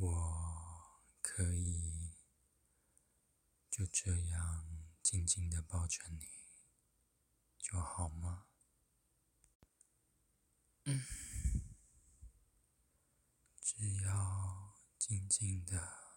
我可以就這樣靜靜的抱着你，就好嗎？嗯。只要靜靜的。